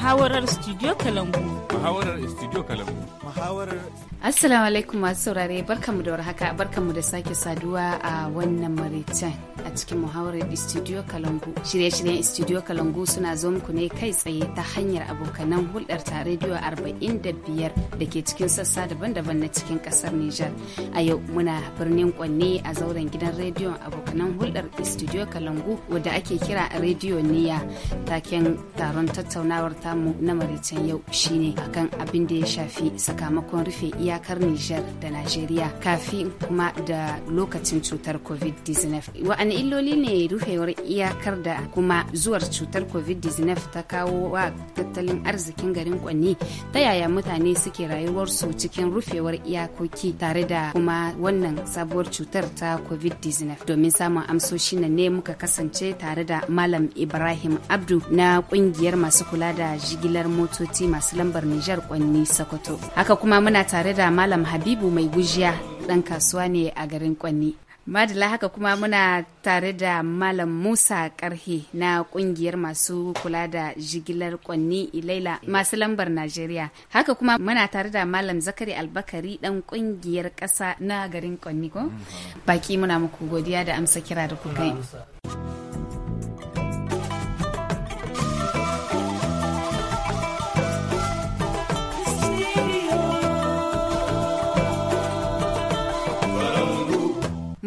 Muhawarar Studio Kalangu. Muhawarar Studio Kalangu. Muhawarar Assalamu alaikum masu saurare barkanmu da warhaka barkanmu da sake saduwa a wannan maritan a cikin muhawarar Studio Kalangu. Shirye-shiryen Studio Kalangu suna zo muku ne kai tsaye ta hanyar abokanan hulɗar ta rediyo 45 da ke cikin sassa daban-daban na cikin ƙasar Nijar. A yau muna birnin Kwanne a zauren gidan rediyon abokanan hulɗar Studio Kalangu wadda ake kira rediyo Niya taken taron tattaunawar ta samu na maritan yau shine akan abin da ya shafi sakamakon rufe iyakar Nijar da Najeriya kafin kuma da lokacin cutar COVID-19. Wa'an illoli ne rufewar iyakar da kuma zuwar cutar COVID-19 ta kawo wa tattalin arzikin garin Kwanni ta yaya mutane suke rayuwarsu cikin rufewar iyakoki tare da kuma wannan sabuwar cutar ta COVID-19 domin samun amsoshi na ne muka kasance tare da Malam Ibrahim Abdu na kungiyar masu kula da jigilar motoci masu lambar Nijar Kwanni Sokoto. Haka kuma muna tare da Malam Habibu mai gujiya ɗan kasuwa ne a garin Kwanni. Madala haka kuma muna tare da Malam Musa Karhe na kungiyar masu kula da jigilar kwanni Ilaila masu lambar Najeriya. Haka kuma muna tare da Malam Zakari Albakari dan kungiyar ƙasa na garin kwanni ko? Mm-hmm. Baki muna muku godiya da amsa kira da kuka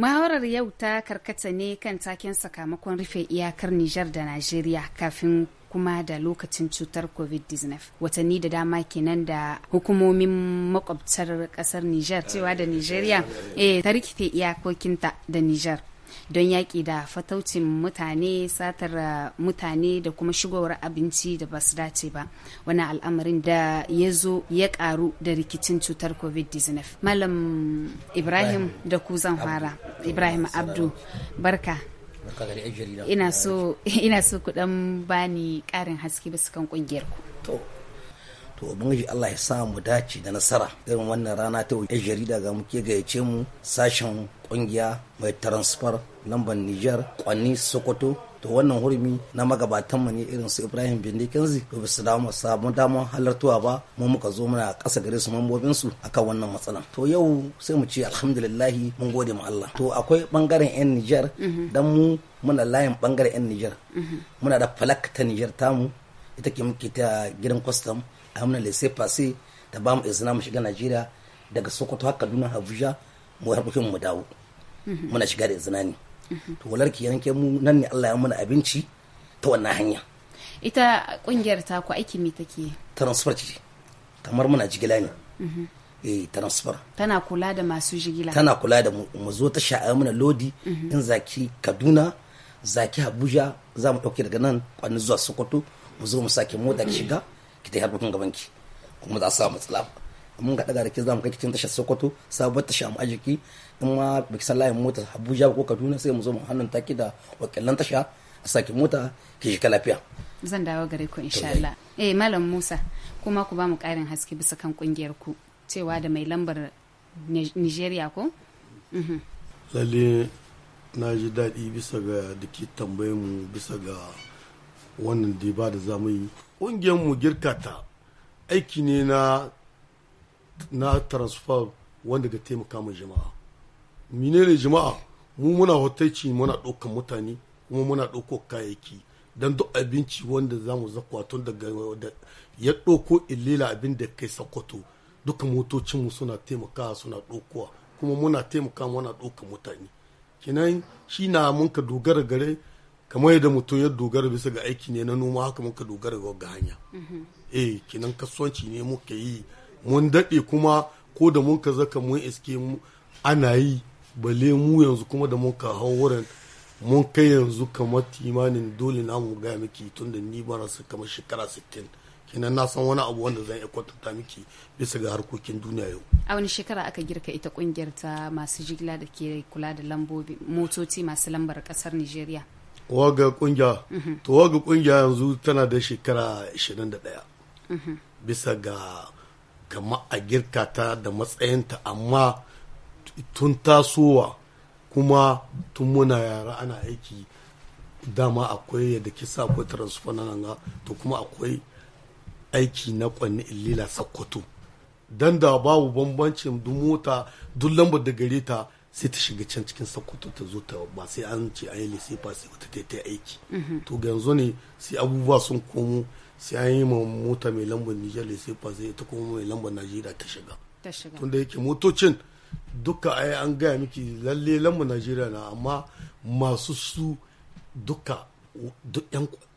Muhawarar yau ta karkata ne kan taken sakamakon rufe iyakar Nijar da Najeriya kafin kuma da lokacin cutar covid-19 watanni da dama kenan da hukumomin makwabtar kasar nijar cewa da nijeriya eh ta rikice iyakokinta da nijar don yaƙi da fataucin mutane satar uh, mutane da kuma shigowar abinci da ba su dace ba wani al'amarin da ya zo ya ƙaru da rikicin cutar covid-19 malam ibrahim da ku zan fara ibrahim abdu barka ina so ku dan bani ƙarin haske su kan ƙungiyar ku to ubangiji Allah ya sa mu dace da nasara irin wannan rana ta wuce jarida ga muke gayyace mu sashen kungiya mai transfer lambar Niger kwanni Sokoto to wannan hurumi na magabatan mu ne irin su Ibrahim Bindi Kenzi to su mu samu damar halartuwa ba mu muka zo muna kasa gare su mambobin su akan wannan matsala to yau sai mu ce alhamdulillah mun gode ma Allah to akwai bangaren yan Niger mhm. dan mu muna layin bangaren yan Niger mhm. muna da falakta ta Niger tamu ita ke muke ta gidan kwastam amna le passer da ba mu izina mu shiga Najeriya daga Sokoto har Kaduna Abuja mu harkokin mu dawo mhm. muna shiga da izina ne mhm. to walarki yanke mu nan ne Allah ya muna abinci ta wannan hanya ita kungiyar ta ku aiki me take transfer ce kamar muna jigila ne mhm. eh transfer tana kula da masu jigila tana kula da mu zo ta sha'a muna lodi in zaki Kaduna zaki Abuja za mu dauke daga nan kwani zuwa Sokoto mu zo mu sake mota ki shiga ki ta harkokin gaban ki kuma za su samu matsala mun ga daga da ke zamu kai kicin tashar Sokoto sabuwar tashar mu ajiki in ma biki san layin mota Abuja ko Kaduna sai mu zo mu hannun taki da wakilan tasha a sake mota ki shiga lafiya zan dawo gare ku insha Allah eh malam Musa kuma ku ba mu karin haske bisa kan kungiyar ku cewa da mai lambar Nigeria ko mhm. lalle na ji daɗi bisa ga da ke mu bisa ga wannan diba da zamu yi ƙungiyar mu girkata aiki ne na na transfer wanda ga taimaka mu jama'a menene jama'a mu muna hotaici muna ɗaukan mutane kuma muna ɗauko kayayyaki don duk abinci wanda za mu zakwa tun daga ya ɗauko illila abin da kai sakwato duka motocinmu suna taimakawa suna ɗaukowa kuma muna taimaka muna ɗaukan mutane kinan shi na mun ka dogara gare kamar yadda mutum ya dogara bisa ga aiki ne na noma haka muka dogara ga hanya eh kinan kasuwanci ne muka yi mun daɗe kuma ko da mun ka zaka mun iske mu ana yi bale mu yanzu kuma da mun ka hau wurin mun kai yanzu kamar timanin dole na mu gaya miki tun da ni ba rasa kamar shekara 60 kinan na san wani abu wanda zan iya kwatanta miki bisa ga harkokin duniya yau a wani shekara aka girka ita kungiyar ta masu jigila da ke kula da lambobi motoci masu lambar kasar nigeria waga kungiya mhm. to waga kungiya yanzu tana da shekara 21 mhm. bisa ga kama a girka ta da matsayinta amma tun tasowa kuma tun muna yara ana aiki dama akwai yadda kisa akwai transfer na nan to kuma akwai aiki na kwanni illila sakkwato don da babu bambancin duk mota duk lambar da gare ta sai ta shiga can cikin sakkwato ta zo ta ba sai an ce an yi lisifa sai wata ta ta aiki mhm. to yanzu ne sai abubuwa sun komo sai an yi mota mai lambar nijar lisifa sai ta komo mai lambar najeriya ta shiga tunda da yake motocin duka ai an gaya miki lalle lambar najeriya na amma masu su duka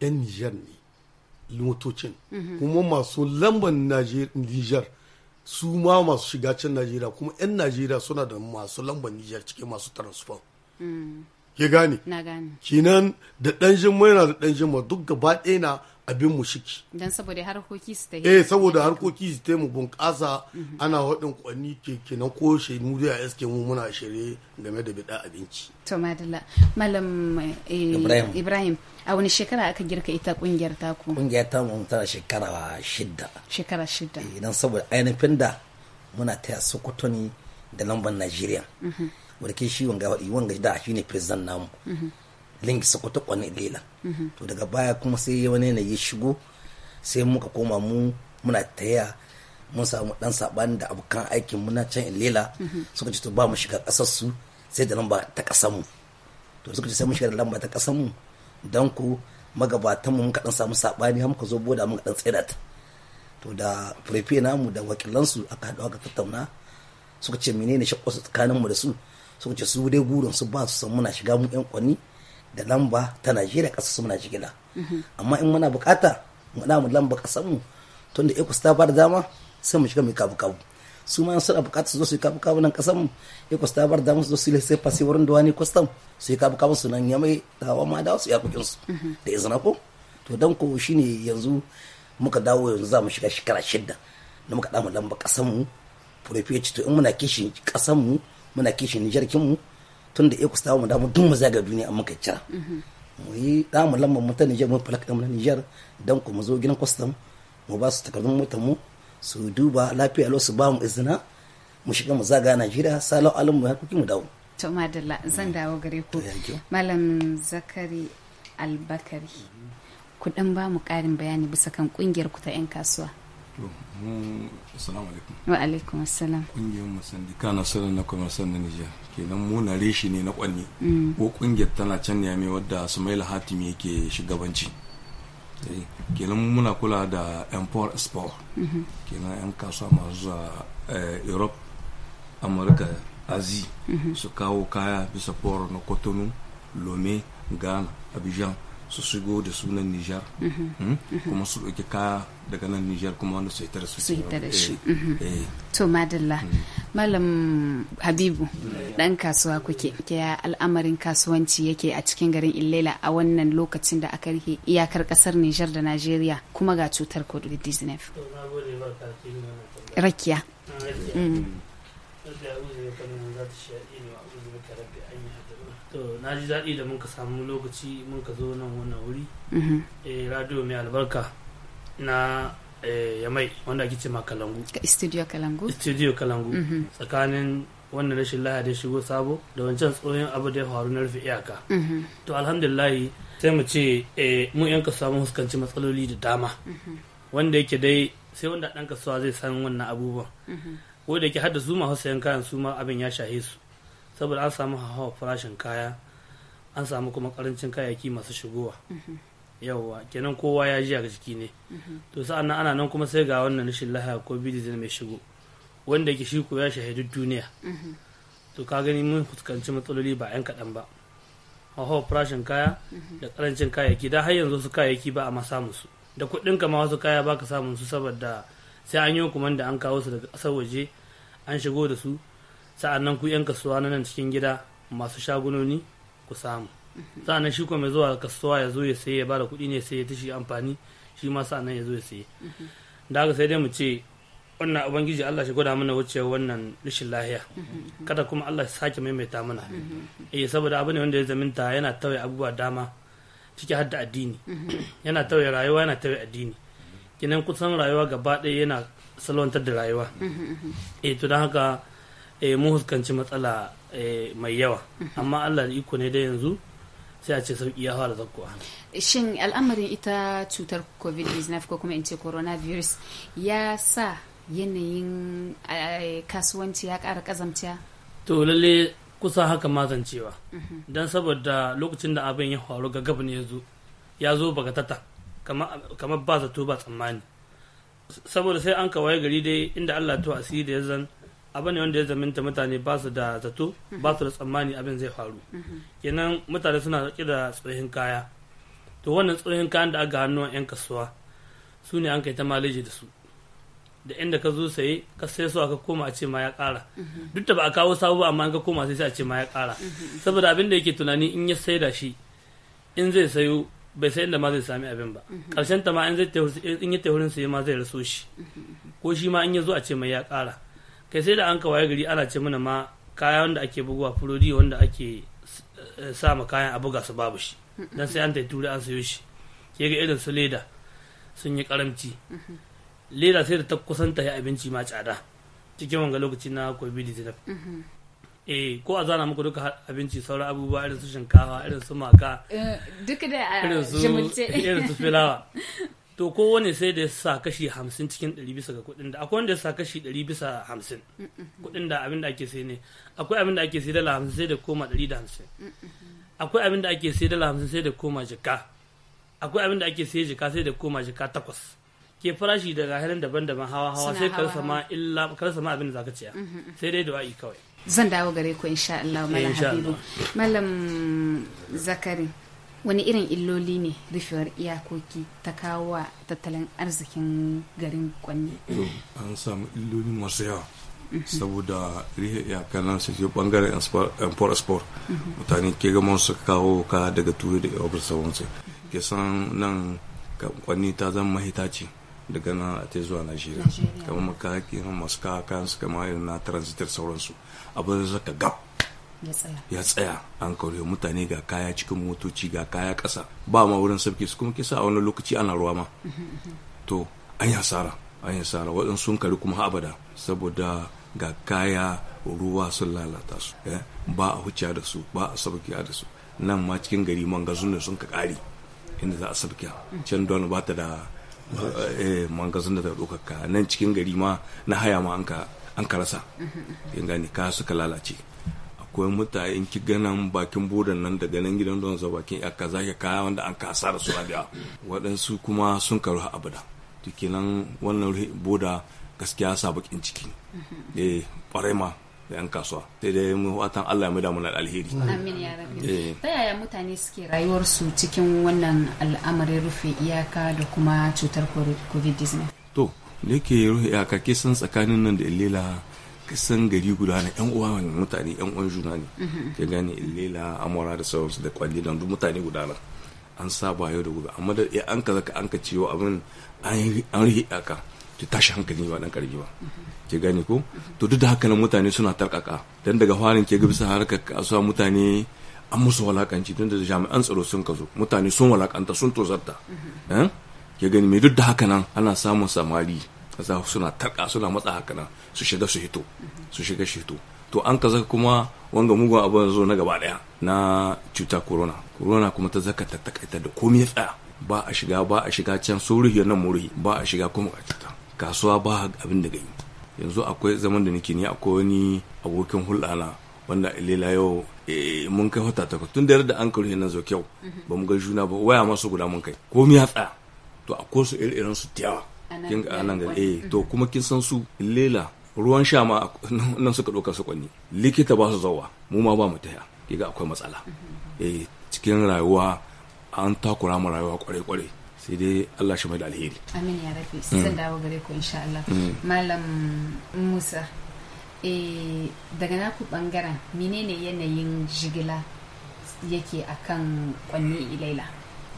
yan nijar ne motocin mhm. kuma masu lambar nijar su ma masu shiga can najeriya kuma 'yan najeriya suna da masu lambar nijar cikin masu transfer mm. ke gane kinan da ɗan jimma yana da ɗan jimma duk gaba ɗaya na abin mu shiki dan saboda harkoki su ta eh saboda harkoki su ta mu bunƙasa ana waɗin kwanni keke na koshe mu da ya mu muna shirye game da bida abinci to madalla malam eh, ibrahim a wani shekara aka girka ita kungiyar ku kungiyar ta mu tana shekara shidda shekara shidda idan eh, saboda ainihin da muna taya sokoto ne da lambar najeriya mhm. wadda ke shi wanga wanga da shi ne president namu mhm. linki kwata kwanin lelan to daga baya kuma sai wani yanayi shigo sai muka koma mu muna taya mun samu dan saban da abokan aikin muna can lela suka ce to ba mu shiga kasar su sai da lamba ta kasar mu to suka ce sai mu shiga da lamba ta kasar mu dan ku magabatan mu muka dan samu sabani har muka zo boda muka dan tsira ta to da prefe namu da wakilansu su aka haɗu aka tattauna suka ce menene shakku tsakanin mu da su suka ce su dai gurin su ba su san muna shiga mu yan kwani da lamba ta najeriya ƙasa su muna jigila mhm. amma in muna bukata muna mu lamba ƙasanmu. mu tunda ecos ta bada dama sai mu shiga mu kabu kabu su ma suna bukata su zo su yi kabu kabu nan ƙasanmu. mu ecos ta bada dama su zo su yi sai fasi wurin duwani kwastam su yi kabu kabu su nan ya mai tawa ma da su yakokin su mhm. da izina ko to dan ko shi ne yanzu muka dawo yanzu za mu shiga shekara shida da muka damu lamba ƙasanmu. mu to in muna kishin ƙasanmu mu muna kishin jirgin mu tun da ekus ta mu damu dun mu zaga duniya amma kai cira mu yi da mu lamba mu ta Niger mu mu Niger dan ku mu zo gidan custom mu ba su takardun mota mu su duba lafiya lo su ba mu izina mu shiga mu zaga Najeriya salau alim mu hakuki mu dawo to madalla zan dawo gare ku malam zakari albakari ku dan ba mu karin bayani bisa kan kungiyar ku ta yan kasuwa to mu assalamu alaikum wa alaikum assalam kungiyar mu na nasarar na kwamasar na Nijar kenan mu na reshi ne na kwanni mm. ko kungiyar tana can ne mai wadda Sumaila Hatimi yake shugabanci eh, kenan muna kula da import sport. Mm-hmm. kenan yan kasuwa masu zuwa eh, Europe Amurka Azi mm-hmm. su kawo kaya bisa port na Cotonou Lome Ghana Abidjan su shigo da sunan Nijar mhm. hmm? mhm. kuma su ɗauki kaya daga nan Nijar kuma wanda su yi da su su da shi eh. Mhm. Eh. to madalla hmm. malam Habibu dan kasuwa kuke ya al'amarin kasuwanci yake a cikin garin Ilela a wannan lokacin da aka rike iyakar kasar Nijar da Najeriya kuma ga cutar COVID-19 rakiya rakiya mm. to na ji daɗi da mun ka samu lokaci mun ka zo nan wannan wuri mhm. eh radio mai albarka na eh, yamai wanda ake ce ma kalangu studio kalangu studio kalangu mhm. tsakanin wannan rashin lahadi shigo sabo da wancan tsohon abu da ya faru na rufe iyaka mhm. to alhamdulillahi sai mu ce eh, mu yan kasuwa fuskanci matsaloli da dama wanda yake dai sai wanda ɗan kasuwa zai san wannan abubuwan ko da yake hada su masu kayan su ma abin ya shahe su saboda an samu hawa farashin kaya an samu kuma karancin kayayyaki masu shigowa yawwa kenan kowa ya ji a jiki ne to sa'an ana nan kuma sai ga wannan rashin lahaya ko zai mai shigo wanda ke shi ko ya shahidu duniya to ka gani mun fuskanci matsaloli ba 'yan kaɗan ba hawa farashin kaya da karancin kayayyaki da har yanzu su kayayyaki ba a ma samu su da kuɗin kama wasu kaya baka samun su saboda sai an yi hukumar da an kawo su daga ƙasar waje an shigo da su nan ku 'yan kasuwa na nan cikin gida masu shagunoni ku samu nan shi kuma mai zuwa kasuwa ya zo ya saye ya ba da kuɗi ne sai ya tashi amfani shi ma nan ya zo ya saye da haka sai dai mu ce wannan ubangiji Allah shi gwada mana wuce wannan rashin lahiya kada kuma Allah shi sake maimaita mana eh saboda abu ne wanda ya zaminta yana tauye abubuwa dama ciki har da addini yana tauye rayuwa yana tauye addini kinan kusan rayuwa gaba ɗaya yana salwantar da rayuwa eh to don haka Eh, mun huskanci matsala eh, mai yawa mhm. amma allah da iko ne da yanzu sai a ce sauki ya fara a shin al'amarin ita cutar covid-19 ko kuma in ce coronavirus ya sa yanayin eh, kasuwanci ya ƙara ƙazamciya to lalle kusa haka mazancewa mhm. don saboda lokacin da abin ya faru ga gabin ya zo ya zo tata kamar ba zato ba tsammani saboda sai an kawai gari dai inda allah to asiri da ya zan abu ne wanda ya zamanta mutane ba su da zato ba su da tsammani abin zai faru kenan mutane suna zaƙi da tsohin kaya to wannan tsohin kayan da aka hannuwan 'yan kasuwa su ne an kai ta malaji da su da inda ka zo saye ka sai su aka koma a ce ma ya ƙara duk da ba a kawo sabo amma an ka koma sai a ce ma ya kara saboda abin da yake tunani in ya sai da shi in zai sayo bai sai inda ma zai sami abin ba karshen ta ma in ya tehurin saye ma zai raso shi ko shi ma in ya zo a ce mai ya kara. kai sai da an kawai gari ana ce mana ma kaya wanda ake bugawa furodi wanda ake eh, sa ma kayan a buga su babu shi dan sai an ta turai an sayo shi ke ga irin su leda sun yi karamci leda sai da ta kusan ta yi abinci ma tsada cikin wanga lokaci na covid-19 eh ko a zana muku duka abinci sauran abubuwa irin su shinkawa irin su maka eh, duka da irin su filawa to kowane sai da sa kashi hamsin cikin ɗari bisa ga kuɗin da akwai wanda ya sa kashi ɗari bisa hamsin kuɗin da abin da ake sai ne akwai abin da ake sai dala hamsin sai da koma ɗari da hamsin akwai abin da ake sai dala hamsin sai da koma jika akwai abin da ake sai jika sai da koma jika takwas ke farashi daga halin daban-daban hawa-hawa sai ka rasa illa ka abin da zaka ciya sai dai du'a'i kawai zan dawo gare ku insha Allah malam eh, Habibu malam Zakari wani irin illoli ne rufewar iyakoki ta kawo wa tattalin arzikin garin kwanne an samu illoli masu yawa mhm. saboda rihe iyakar nan su ke bangaren import export mhm. mutane ke gama su kawo ka daga turai da yawon sauransu ke san nan kwanne ta zama mahita ce daga nan a ta zuwa najeriya kamar makakin masu kawo kayan su kama irin na transitar sauransu abin zaka gab ya tsaya an kaure mutane ga kaya cikin motoci ga kaya ƙasa ba ma wurin sarki su kuma kisa a wani lokaci ana ruwa ma to an yi asara an yi asara waɗansu sun kari kuma abada saboda ga kaya ruwa sun lalata su eh? ba a huciya da su ba a sabkiya da su nan ma cikin gari mangazun da sun ka ƙari inda za a sabkiya can don ba ta da eh, mangazun da ta ɗaukar ka nan cikin gari ma na haya ma an ka rasa in gane ka suka lalace akwai mutane in ki ganan bakin budan nan da ganin gidan don zuwa bakin yakka zaki kaya wanda an kasa da su a waɗansu kuma sun karu abada tuki nan wannan boda gaskiya sa bakin ciki mhm. eh ƙwarai ma da yan kasuwa sai dai mu watan Allah mu damu alheri amin ya rabbi eh. ta yaya mutane suke rayuwarsu cikin wannan al'amarin rufe iyaka da kuma cutar covid-19 to da yake rufe iyaka ke san tsakanin nan da illila kasan gari guda na yan uwa mutane yan uwan juna ne ka gane Amara amora da sauransu da kwalli don duk mutane guda nan an saba yau da gobe amma da ya an kaza ka an ka ciwo abin an rihi aka ki tashi hankali ba dan karbi ba ki gane ko to duk da haka nan mutane suna tarkaka dan daga farin ke gibsa bisa harkar kasuwa mutane an musu walakanci tun da jami'an tsaro sun kazo mutane sun walakanta sun tozarta eh? ke gani mai duk da haka nan ana samun samari za suna tarka suna matsa haka nan su shiga su hito su shiga su hito to an kaza kuma wanga mugun abu zo na gaba daya na cuta corona corona kuma ta zaka ta takaita da komai tsaya ba a shiga ba a shiga can surihi nan murihi ba a shiga kuma cuta kasuwa ba abin da gani yanzu akwai zaman da nake ni akwai wani abokin hulɗa na wanda ilela yau eh, mun kai wata takwas tun da yarda an karuhe na zo kyau ba mu ga juna ba waya masu guda mun kai komai tsaya to akwai su irin su tiyawa kin A nan ga eh to kuma kin san su lela ruwan sha ma nan suka ɗauka su kwanni likita ba su zawa mu ma ba mu taya kiga akwai matsala eh cikin rayuwa an takura mu rayuwa kwarai kwarai sai dai Allah shi mai da alheri amin ya rafi sai mm. dawo gare ku insha Allah mm. malam Musa eh daga naku bangaren menene yanayin jigila yake akan kwanni ilaila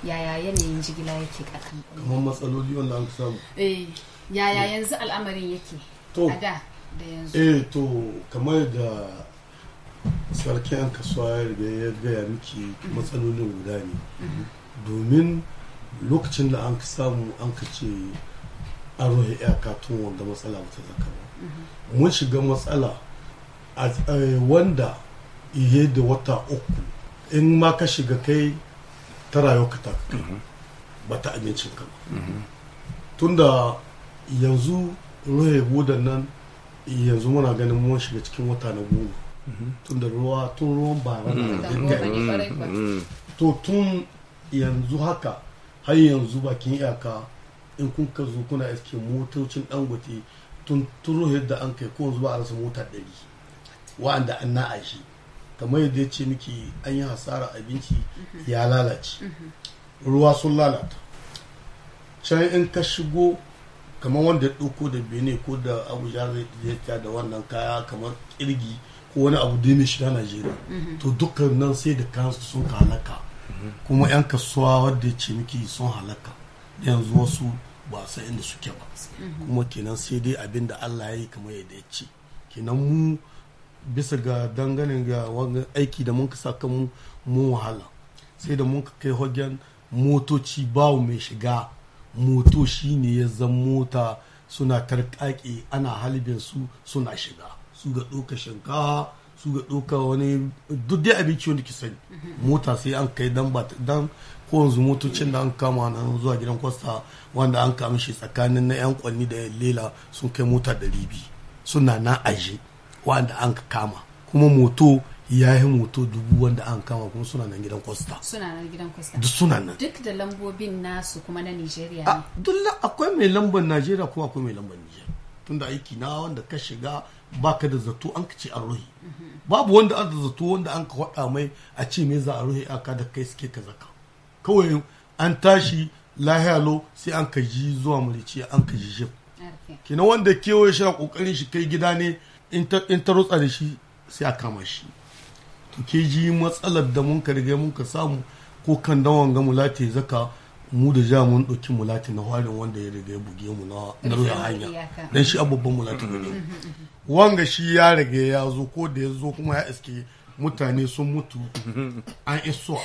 yaya yanayin jigila yake kakan kamar matsaloli wanda an samu eh yaya yanzu al'amarin yake a da da yanzu eh to kamar da sarki an kasuwa ya riga ya gaya miki matsalolin guda ne mhm. domin lokacin da an samu an ka ce an rohe iyaka tun wanda matsala ba ta zaka ba mhm. mun shiga matsala eh, wanda iye da wata uku in ma ka shiga kai ta rayuwarka ta ba ta abincin ka ba tunda yanzu ruhe budan nan yanzu muna ganin mun shiga cikin wata na goma tunda ruwa tun ruwan bara na mm. mm. Mm. to tun yanzu haka har yanzu bakin iyaka in kun ka zo kuna iske motocin dangote tun ruhe da an kai ko yanzu ba a rasa mota ɗari wa'anda an na shi. kamar yadda ce miki an yi hasara abinci mhm. ya lalace mhm. ruwa sun lalata can in ka shigo kamar wanda ya ɗauko da bene ko da abuja zai da wannan kaya kamar kirgi ko wani abu da mai na najeriya mhm. to dukkan nan sai da kansu sun halaka kuma yan kasuwa wadda ce miki sun halaka yan yanzu wasu ba sai inda suke ba kuma kenan sai dai abin da allah ya yi kamar yadda ya ce kenan mu bisa ga dangane ga wani aiki da mun saka mu mu wahala sai da mun kai hagen motoci bawu mai shiga moto shine ya zan mota suna tarƙaƙe ana halibin su suna shiga su ga ɗauka shinkawa su ga ɗauka wani duk dai abinci wanda ki sani mhm. mota sai an kai dan ba dan ko yanzu motocin da an kama na zuwa gidan kwasta wanda an kama shi tsakanin na yan kwanni da lela sun kai mota ɗari suna na aje wanda an kama kuma moto ya yi moto dubu wanda an kama kuma suna nan gidan kwasta suna nan gidan kwasta duk suna nan duk da lambobin nasu kuma na nigeria ne duk akwai mai lambar nigeria kuma akwai mai lambar nigeria tunda aiki na wanda ka shiga baka da zato an ce an ruhi mhm. babu wanda an da zato wanda an ka faɗa mai a ce me za a ruhi aka da kai suke ka zaka kawai an tashi lahiyalo sai an ka ji zuwa mulici an ka ji jif kina wanda kewaye shi kokarin shi kai gida ne in ta rutsa da shi sai a kama shi to ke ji matsalar da mun riga mun ka samu ko kan dawon ga mulati zaka mu da ja mun ɗauki mulati na warin wanda ya riga ya buge mu na ruwa hanya dan shi abubban mulati ne wanga shi ya riga ya zo ko da ya zo kuma ya iske mutane sun mutu an isuwa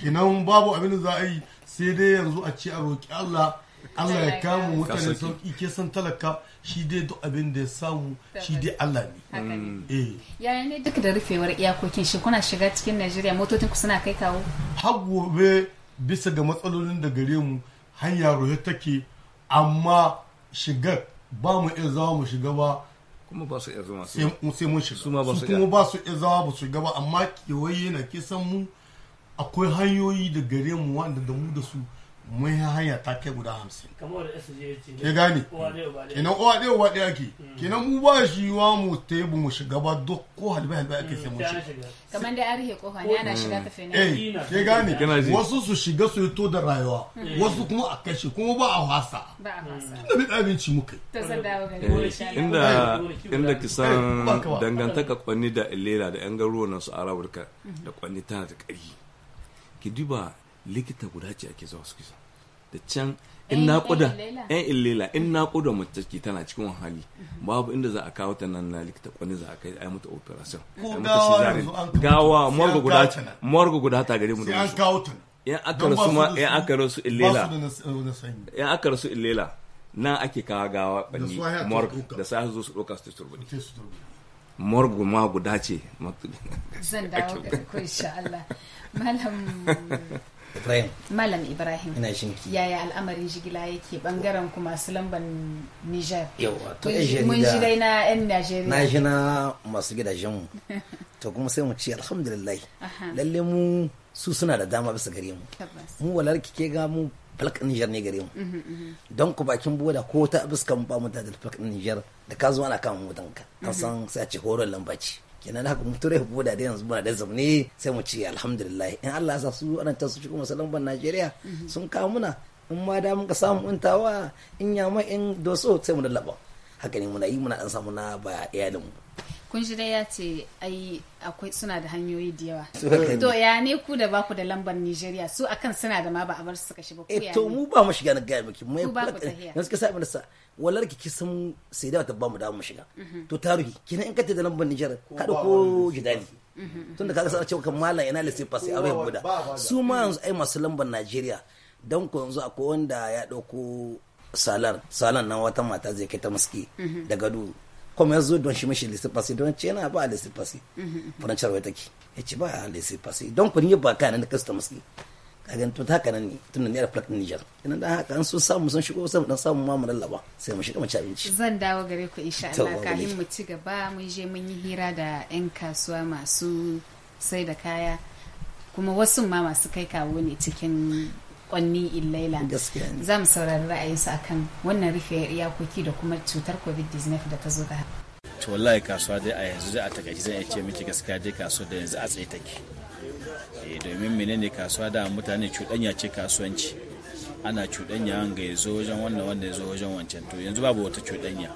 kinan babu abin da za a yi sai dai yanzu a ce a roƙi Allah Allah ya kama mutane sauki ke san talaka shi dai duk abin da ya samu shi dai Allah ne. Mm. Eh. Yaya ne duk da rufewar iyakokin shi kuna shiga cikin Najeriya motocin ku suna kai kawo? Har gobe bisa ga matsalolin da gare mu hanya rohe take amma shiga ba mu iya zama mu shiga ba kuma ba su iya zama sai mun shiga su kuma ba su iya zama ba su shiga ba amma kewaye na kisan mu akwai hanyoyi da gare mu wanda da mu da su mun yi hanya take guda hamsin. Kamar da SJ ya ce. Ke gane? Kenan uwa ɗaya uwa ɗaya ake. Hmm. Kenan mu ba shi wa mu ta yi mu shiga ba duk ko halbe halbe ake hmm, sai mu shiga. Kamar da arihe kofa ne ana hmm. shiga ta fene. Eh, ke gane? Wasu su shiga su yi to da rayuwa. Wasu kuma a kashe kuma ba a wasa. Ba a wasa. Tunda bai abinci muka. Ta san dawo gari. Inda inda kisan dangantaka kwanni da Ilela da 'yan na su Arabulka da kwanni tana da ƙari. Ki duba likita guda ce ake zuwa suke sa. da can in naƙuda yan eh, illela in naƙuda mace ke tana cikin wahali. babu inda za a kawo ta nan na likita kwani za a kai a mata operation ai mata cesarean gawa morgo guda guda ta gare mu da wasu. yan aka rasu ma yan aka rasu illela yan aka rasu illela na ake kawo gawa bani morgo da su zo su doka su turbi morgo ma guda ce zan dawo ga insha Allah malam Ibrahim. Malam Ibrahim. Ina Yaya al'amarin jigila yake bangaren ku masu lamban Nijar. Yawa to Mun shi dai na 'yan Na ji na masu gidajen mu. To kuma sai mu ce alhamdulillah. Lalle mu su suna da dama bisa gare mu. Mu walar kike ga mu falk Nijar ne gare mu. Mhm, mhm. Don ku bakin boda ko ta biskan ba mu da falk Nijar da ka zo ana mu danka An san sai a ce horon lambaci. kenan na kuma ture ko da yanzu muna da zamani sai mu ce alhamdulillah in Allah ya sa su ta su shigo musalman ban Najeriya mhm. sun kawo muna in ma da muka samu in tawa in yamma in doso sai mu dallaba haka ne muna yi muna dan samu na ba iyalin mu kun shi dai ya ce ai akwai suna da hanyoyi da yawa to ya ne ku da baku da lambar Nigeria su akan suna da ma ba a bar su suka shiga ku eh, ya to mu ba mu shiga na gaya miki mu ba ku eh, tahiya suka sa mu da sa walar ki kisan sai da ta ba mu mu shiga mhm. to tarihi kina in ka da lambar Nijar kada ko gidali mhm. tunda kaga sai cewa kan mallan ina lissai fa sai abai buda su ma yanzu ai masu lambar Najeriya dan ko yanzu akwai wanda ya dauko salar Salar nan wata mata zai kai ta muski mhm. da gado kuma ya zo don shi mishi lissai fa don ce yana ba lissai fa sai furancar wai take ya ce ba lissai fa don ku ni ba kana na kasta muski kagan to ta kanan ne tun da niyar plak din Niger da dan haka an so samu sun shigo sai dan samu ma lallaba sai mu shiga mu abinci zan dawo gare ku insha Allah kafin mu ci gaba mun je mun yi hira da yan kasuwa masu sai da kaya kuma wasu ma masu kai kawo ne cikin kwanni illaila za mu saurari ra'ayinsu akan wannan rufe iyakoki da kuma cutar covid-19 da ta zo ga to wallahi kasuwa dai a yanzu zai a takaice zan iya ce miki gaskiya dai kasuwa da yanzu a tsaye take Eh, domin menene kasuwa da mutane cuɗanya ce kasuwanci ana cuɗanya ga ya zo wajen wannan wanda ya zo wajen wancan to yanzu babu wata cuɗanya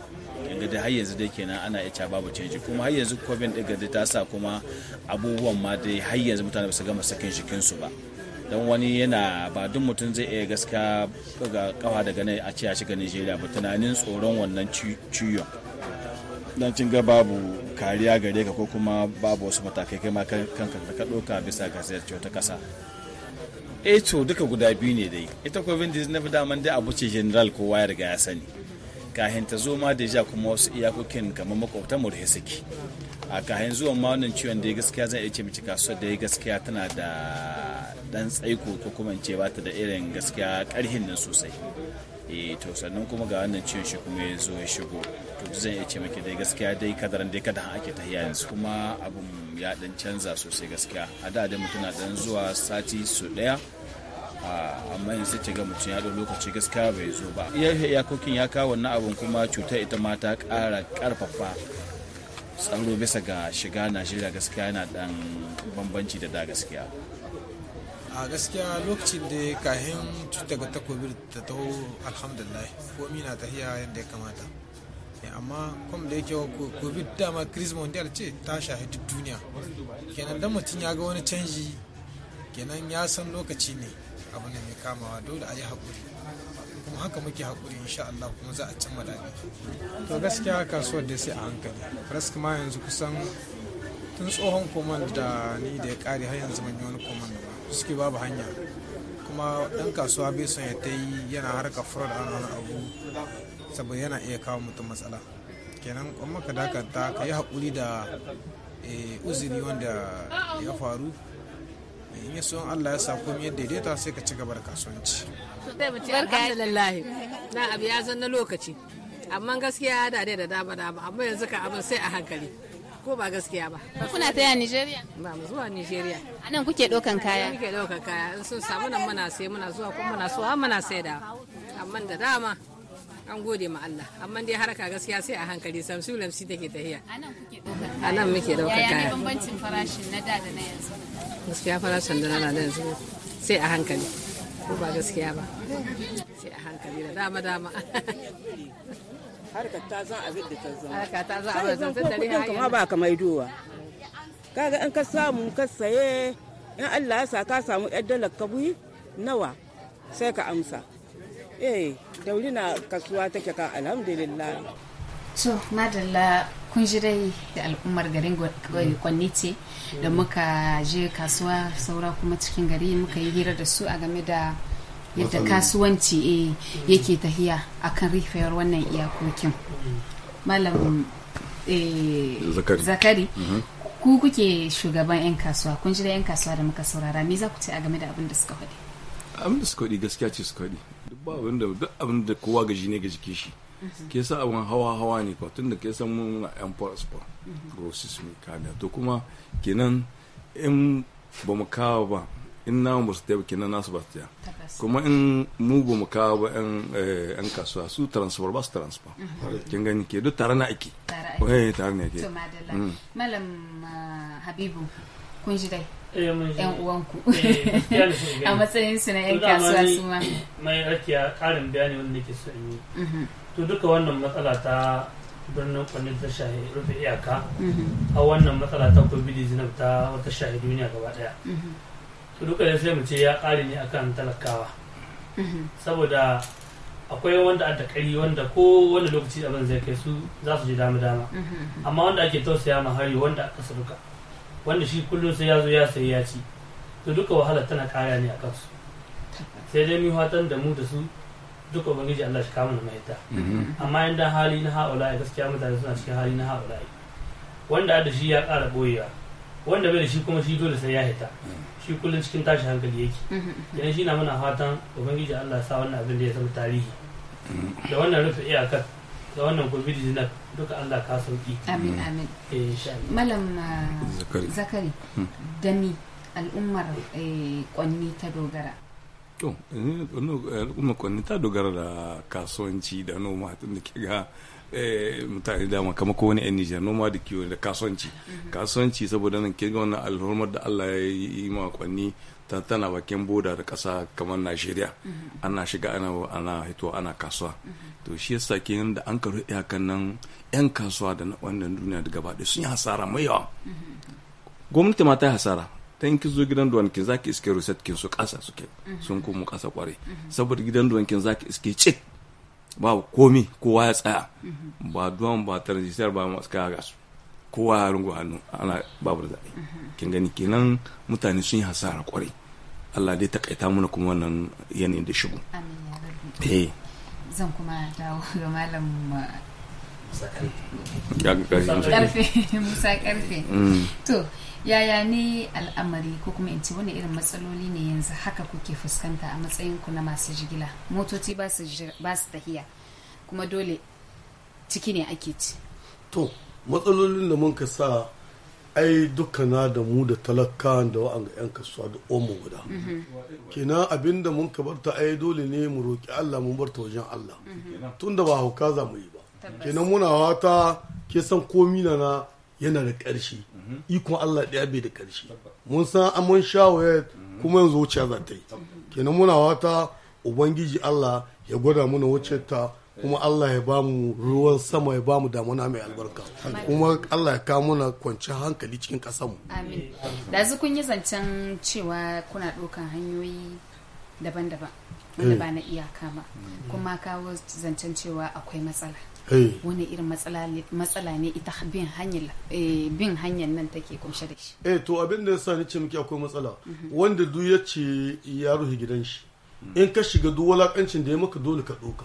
yanga da har yanzu dai kenan ana iya babu canji kuma har yanzu covid ɗin ta sa kuma abubuwan ma dai har yanzu mutane ba su gama sakin jikinsu ba don wani yana ba duk mutum zai iya gaska ga kawa daga nan a ce a shiga nigeria ba tunanin tsoron wannan ciwon don cin ga babu kariya gare ka ko kuma babu wasu matakai kai ma kanka da ka ɗauka bisa ga ziyarci ta ƙasa eh to duka guda biyu ne dai ita covid-19 daman dai abu ce general kowa ya riga ya sani kahin ta zo ma deja kuma wasu iyakokin kamar makwabtan murhe suke a kahin zuwan ma wannan ciwon da gaskiya zan iya ce mace kasuwar da gaskiya tana da dan tsaiko ko kuma ce ba ta da irin gaskiya karhin nan sosai eh to sannan kuma ga wannan ciwon shi kuma ya zo ya shigo to zan iya ce maki dai gaskiya dai kadaran dai kada ake ta yanzu kuma abun ya dan canza sosai gaskiya a da da mutuna dan zuwa sati su daya ah, amma yanzu ce ga mutum ya ɗau lokaci gaskiya bai zo ba iya iyakokin ya kawo wannan abun kuma cutar ita ma ta ƙara ƙarfafa tsaro bisa ga shiga najeriya gaskiya yana dan bambanci da da gaskiya a gaskiya lokacin da kahin cuta ga takobir ta taho alhamdulillah komi na tafiya yadda ya kamata amma kuma da yake covid dama chris mondial ce ta shahi duniya kenan dan mutum ya ga wani canji kenan ya san lokaci ne abu ne mai kamawa dole a yi haƙuri kuma haka muke haƙuri insha Allah kuma za a cimma madadi to gaskiya kasuwar da sai a hankali rask ma yanzu kusan tun tsohon komand da ni da ya kare har yanzu ban yi wani ba suke babu hanya kuma ɗan kasuwa bai son ya ta yi yana harka fraud a wani abu saboda yana iya kawo mutum matsala kenan kuma ka dakanta ka yi haƙuri da eh, uzuri wanda ya faru in yi son Allah ya sa komai yadda daidaita sai ka ci gaba da kasuwanci. Alhamdulillah na abu ya zan na lokaci amma gaskiya da da dama dama amma yanzu ka abin sai a hankali. ko ba gaskiya ba kuna a nigeria ba mu zuwa nigeria a nan kuke ɗaukan kaya kuke ɗaukan kaya in sun samu nan muna sai muna zuwa kuma muna so har muna sai da amma da dama an gode ma Allah amma dai haraka gaskiya sai a hankali su lamsi take tahiya a nan muke ɗaukan kaya yaya ne bambancin farashin na da da na yanzu gaskiya farashin da na da yanzu sai a hankali ko ba gaskiya ba sai a hankali da dama dama harkar ta zan abin da ta zama harkar ta zan ta zama ba ka maidowa kaga in ka samu ka saye in Allah ya sa ka samu yar dalar ka bui nawa sai ka amsa eh dauri na kasuwa take ka alhamdulillah to madalla kun ji dai da al'ummar garin kwanni ce da muka je kasuwa saura kuma cikin gari muka yi hira da su a game da yadda kasuwanci eh, yake tahiya akan rifayar wannan iyakokin malam eh, zakari mm-hmm. ku kuke shugaban 'yan kasuwa kun ji da 'yan kasuwa da muka saurara me za ku ce a game da abin da suka faɗi abin da suka faɗi gaskiya ce suka faɗi duk ba abin da duk abin da kowa gaji ne ga jike shi mm-hmm. ke sa abin hawa hawa ne ko tunda ke san mun na yan passport grossis mai kada to kuma kenan in ba mu kawo ba in namu ba su taya na nasu ba su taya kuma in mugu mu kawo ba yan eh, kasuwa su transfer ba su transfer mhm. kin gani ke duk tare na aiki. tare aiki eh, tare na aiki mm. malam ah, habibu kun ji dai yan eh, uwanku a matsayin su na yan kasuwa su ma mai rakiya karin bayani wanda ke so in yi mhm. to duka wannan matsala ta birnin kwanin ta shahi rufe iyaka mhm. a wannan matsala ta covid-19 ta wata shahi duniya gaba daya to duka sai mu ce ya ƙare ne akan talakawa mm-hmm. saboda akwai wanda a takari wanda ko wani lokaci abin zai kai su za su ji dama dama mm-hmm. amma wanda ake tausaya ma hari wanda aka wanda shi kullum sai ya zo ya sai ya ci to duka wahala tana kaya ne a kansu sai dai mu da mu da su duka ubangiji Allah shi kama mai ta mm-hmm. amma in hali na haula'i gaskiya mutane suna cikin hali na haula'i wanda da shi ya kara boyewa wanda bai da shi kuma shi dole sai ya hita hmm. shi kullum cikin tashi hankali yake idan hmm. shi na muna fatan ubangiji Allah sa wannan abin da ya zama tarihi hmm. da wannan rufe iyakar da wannan covid na duka Allah ka sauki amin amin eh, malam ah, zakari da ni al'ummar eh, kwanni ta dogara to eh, al'ummar kwanni ta dogara da kasuwanci da noma tun da ke ga Eh, mutane dama kama ko wani yan Nijar noma da kiwo da kasuwanci mhm. kasuwanci saboda nan kin ga wannan da Allah ya yi ma kwanni ta tana bakin boda da kasa kamar nigeria mhm. ana shiga ana ana hito ana kasuwa mhm. to shi yasa kenan da an karo iyakan nan yan kasuwa da wannan duniya da gaba sun yi hasara mai yawa gwamnati ma ta yi hasara ta in kizo zo gidan duwankin zaki iske ruset kin su kasa suke sun kuma kasa kware saboda gidan duwankin zaki iske cik babu komi kowa ya tsaya ba duwan ba transistor ba masu kaya gasu kowa ya rungu hannu ana babu da kin gani kenan mutane sun yi hasara kwarai Allah dai takaita mana kuma wannan yanayin da shigo eh. zan kuma dawo ga malam karfe musa karfe mm. to yaya ne al'amari ko kuma in ce wani irin matsaloli ne yanzu haka kuke fuskanta a matsayin ku na masu jigila motoci ba su tahiya kuma dole ciki ne ake ci to matsalolin da mun ka sa ai dukkana da mu da talaka da wa'anga 'yan kasuwa da omo guda mm-hmm. kenan abin da mun ka barta ai dole ne mu roƙi allah mun barta wajen allah mm-hmm. tun da ba hauka za mu yi ba kenan muna wata ke san komi na yana da ƙarshe mhm. ikon Allah ɗaya bai da ƙarshe mun san amon shawayar mhm. kuma yanzu wuce za ta yi kenan muna wata ubangiji Allah ya gwada mana wuce ta eh. kuma Allah ya bamu ruwan sama ya bamu damuna mai albarka kuma Allah ya kawo mana kwanciyar hankali cikin ƙasarmu. Amin. Da kun yi zancen cewa kuna ɗaukan hanyoyi daban-daban wanda eh. ba na iyaka ba mm. kuma kawo zancen cewa akwai matsala. Eh. wani irin matsala ne ita eh, bin hanyar nan take kumshe da shi eh to abin da yasa ni ce miki akwai matsala wanda duk ya ce ya ruhi gidan shi in ka shiga duk walakancin da ya maka dole ka doka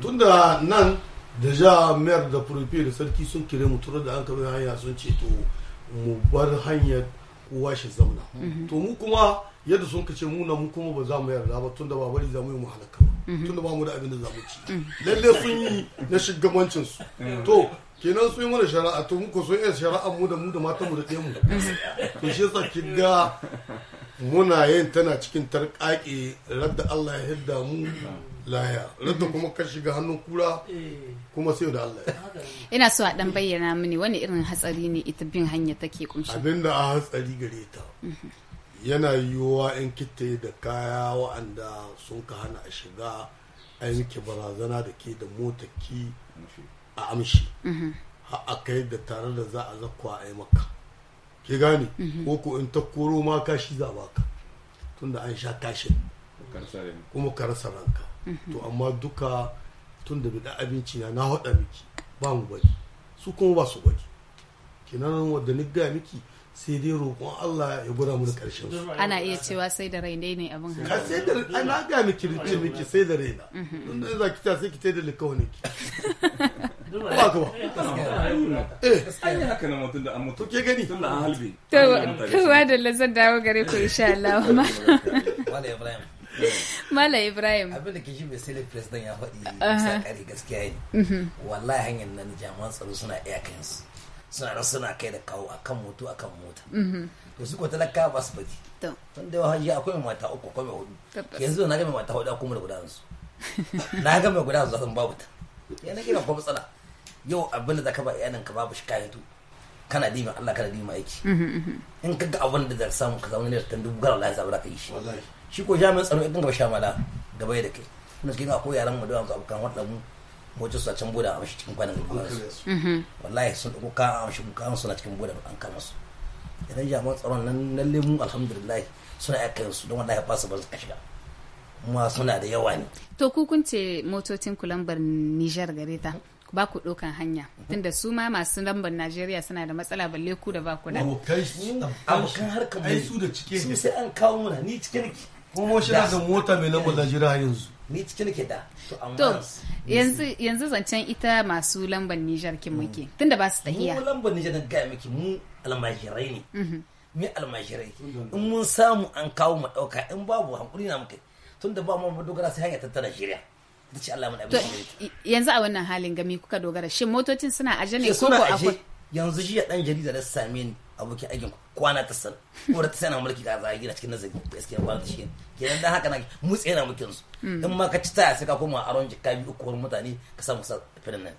tunda nan da ja mayar da furfi da sarki sun kire mu tura da an karo hanya sun ce to mu bar hanyar kowa shi zauna to mu kuma yadda sun kace mu na mu kuma ba za mu yarda ba tunda ba bari za mu yi mu halaka ba tunda ba mu da abin da za mu ci lalle sun yi na shugabancin su to kenan sun yi mana shari'a to muku sun yi shari'a mu da mu da matan mu da ɗayan mu to shi yasa ki ga muna yin tana cikin tarƙaƙe radda Allah ya hidda mu laya radda kuma ka shiga hannun kura eh. kuma sai da Allah ina so a dan bayyana mini wani irin hatsari ne ita bin hanya take kunshi abinda a hatsari gare ta mhm. yana yiwuwa in kitte da kaya wa'anda sun ka hana a shiga a barazana da ke da motaki a amshi mhm. a kai da tare da za a zakwa a yi maka ke gane mhm. ko ko in ta koro ma kashi za baka tunda an sha kashi kuma ka rasa ranka Mhm. to amma duka tun da bi abinci na na hada miki ba mu gwaji su kuma ba su gwaji kinan wadda ni ga miki sai dai roƙon Allah ya gura mu da ƙarshen su ana iya cewa sai da rai ne abin haka ka sai da rai na ga miki rice miki sai da rai na don mhm. da za ki ta sai ki ta da ne ki ba ka ba eh ai haka nan mutum da amma to ke gani tun da an halbe to kowa da lazan dawo gare ku insha Allah wala Ibrahim mala ibrahim abin da ke shi basile president ya faɗi bisa ƙari gaskiya ne mhm. wallahi hanyar nan jami'an tsaro suna iyakansu suna da suna kai da kawo akan moto akan mota mhm. to su ko talaka ba su baki tun da yawan ya akwai mata uku akwai mai hudu yanzu na ga mai mata hudu kuma da guda su na ga mai guda su zan babu ta yana kira ko matsala yau abin da ka ba iyanin ka babu shi kayan tu kana dima Allah kana dima aiki mhm, in ka ga abin da zaka samu ka zauna ne da tan dubu gara Allah ya ka yi shi shi ko jami'in tsaro idan gaba shamala gaba da kai kuma suke ko yaran mu da abokan wadda mu wace su a can boda a mashi cikin kwanan gaba mhm. wallahi sun dauko ka a mashi kuka suna cikin boda an kama su idan jami'an tsaron nan lalle mu alhamdulillah suna aikin su don wallahi ba su ba su kuma suna da yawa ne to ku kun ce motocin kulambar Nijar gare ta ba ku dokan hanya tunda su ma masu lambar najeriya suna da matsala balle ku da ba ku da abokan harkar mai su da cike su sai an kawo muna ni cike nake kuma shi da mota mai lambar Najeriya har yanzu ni cikin ke da to yanzu yanzu zancen ita masu lambar Nijar kin hmm. muke tunda ba su tahiya mu lambar Nijar da gaya muke mu almajirai ne mhm. mu almajirai in mun samu an kawo mu dauka in babu hankuri na muke tunda ba mu dogara sai hanya tattara shirya da ce Allah mun abin yanzu a wannan halin ga gami kuka dogara shin motocin suna aje ne ko ko akwai yanzu shi ya dan jarida da same ni abokin aikin kwana ta san kuma ta sana mulki ka zagi na cikin nazari gaskiya kwana ta shi kenan dan haka na mu tsena mukin su hmm. in ma ka ci taya sai ka koma aron jikka bi uku mutane ka samu sa firin nan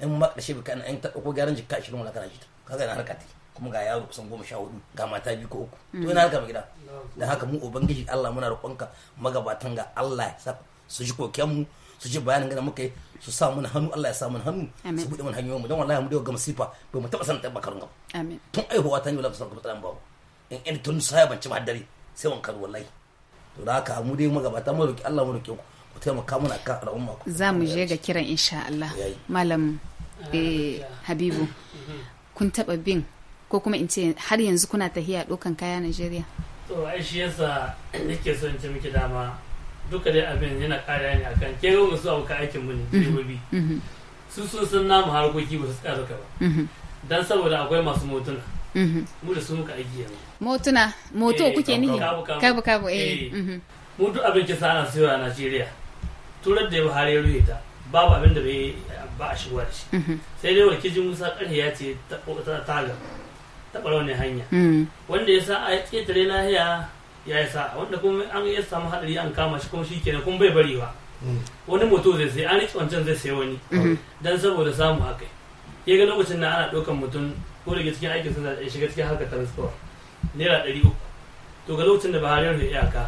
in ma ka shi kana in ta ko garin jikka shirin wala kana jita ga na harka ta kuma ga yaro kusan goma sha hudu ga mata biyu ko uku to ina harka mai gida hmm. dan haka mu ubangiji Allah muna roƙonka magabatan ga Allah ya saka su ji mu su ji bayanin gana muka yi su sa mana hannu Allah ya sa mana hannu su buɗe mana hanyoyin mu don wallahi mu da ga masifa bai mu taɓa sanin tabba karun gaba tun aihuwa ta ne wala san kuma tsalan ba in in tun sai ban ci ba dare sai wan karu wallahi to da haka mu dai magabata mu roki Allah mu roki ku ku taimaka mana kan al'umma ku za mu je ga kiran insha Allah malam ah, eh, Habibu kun taɓa bin ko kuma in ce har yanzu kuna tahiya dokan kaya Najeriya to ai shi yasa nake son ce miki dama duka dai abin yana kariya ne akan ke ga musu abu ka aikin mu ne su sun san namu harkoki ba su tsaya ka ba dan saboda akwai masu motuna mu da su muka aiki yanzu motuna moto kuke nihi kabu kabu eh mu duk abin kisa ana siyo a Najeriya turar da ya har ya ruhe ta babu abin da bai ba a shigowa da shi sai dai wakilin Musa Karhi ya ce ta taga ta ne hanya wanda ya sa a ketare lahiya ya yi sa'a wanda kuma an ya samu hadari an kama shi kuma shi kenan kuma bai bari ba mm. wani mutum zai sai an yi wancan zai sai wani mm-hmm. dan saboda samu haka ya ga lokacin da ana ɗaukan mutum ko da cikin aikin sun ya shiga cikin harkar transport naira ɗari uku to ga lokacin da bahari da iyaka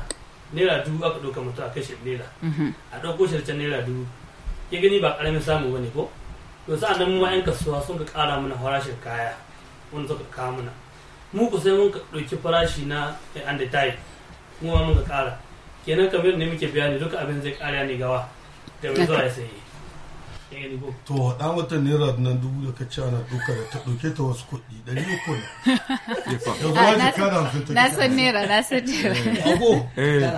naira dubu aka ɗauka mutum a kashe naira mm-hmm. a ɗauko shi da can naira dubu ya gani ba ƙaramin samu ba ne ko to sa'an nan mu ma 'yan kasuwa sun ka ƙara mana farashin kaya wanda suka kawo mana mu ku sai mun ɗauki farashi na and the kuma mun ka ƙara kenan kamar ne muke bayani duka abin zai ƙara ne gawa da mai zuwa ya sayi to dan wata naira nan dubu da ka ci ana duka da ta dauke ta wasu kuɗi ɗari uku ne ya ma ah, jika da hamsin ta na san naira na san naira eh, ago eh, jika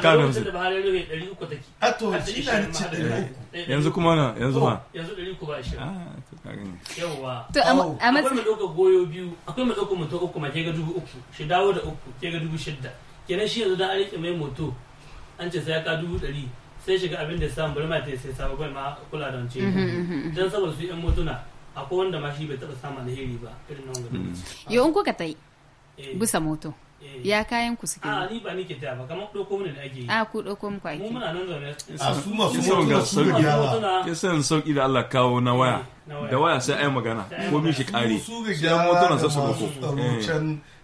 da hamsin ah, a to shi na ci ɗari uku yanzu kuma na yanzu ma oh, yanzu ɗari uku ba shi ah, to ka gani yawa to a matsayin akwai mai goyo biyu akwai mai ɗauka mutum uku ma ke ga dubu uku shi dawo da uku ke ga dubu shidda kenan shi yanzu da an rike mai moto an ce sai ya ka dubu ɗari sai shiga abin da samun bari ma ta sai samu bari ma kula da wancan mhm, mhm, mhm. don saboda su yan motuna akwai wanda ma shi bai taɓa samun alheri ba irin nan wanda yau in kuka tai eh. busa moto eh. ya kayan ku suke a ni ba ni ke ta ba kamar ɗauko mun da ake yi a ku ɗauko mu kwaki mu muna nan zaune a su masu motuna su motuna ke san sauki da Allah kawo na waya eh, da waya sai ai magana ko mi shi kare sai motuna na su mako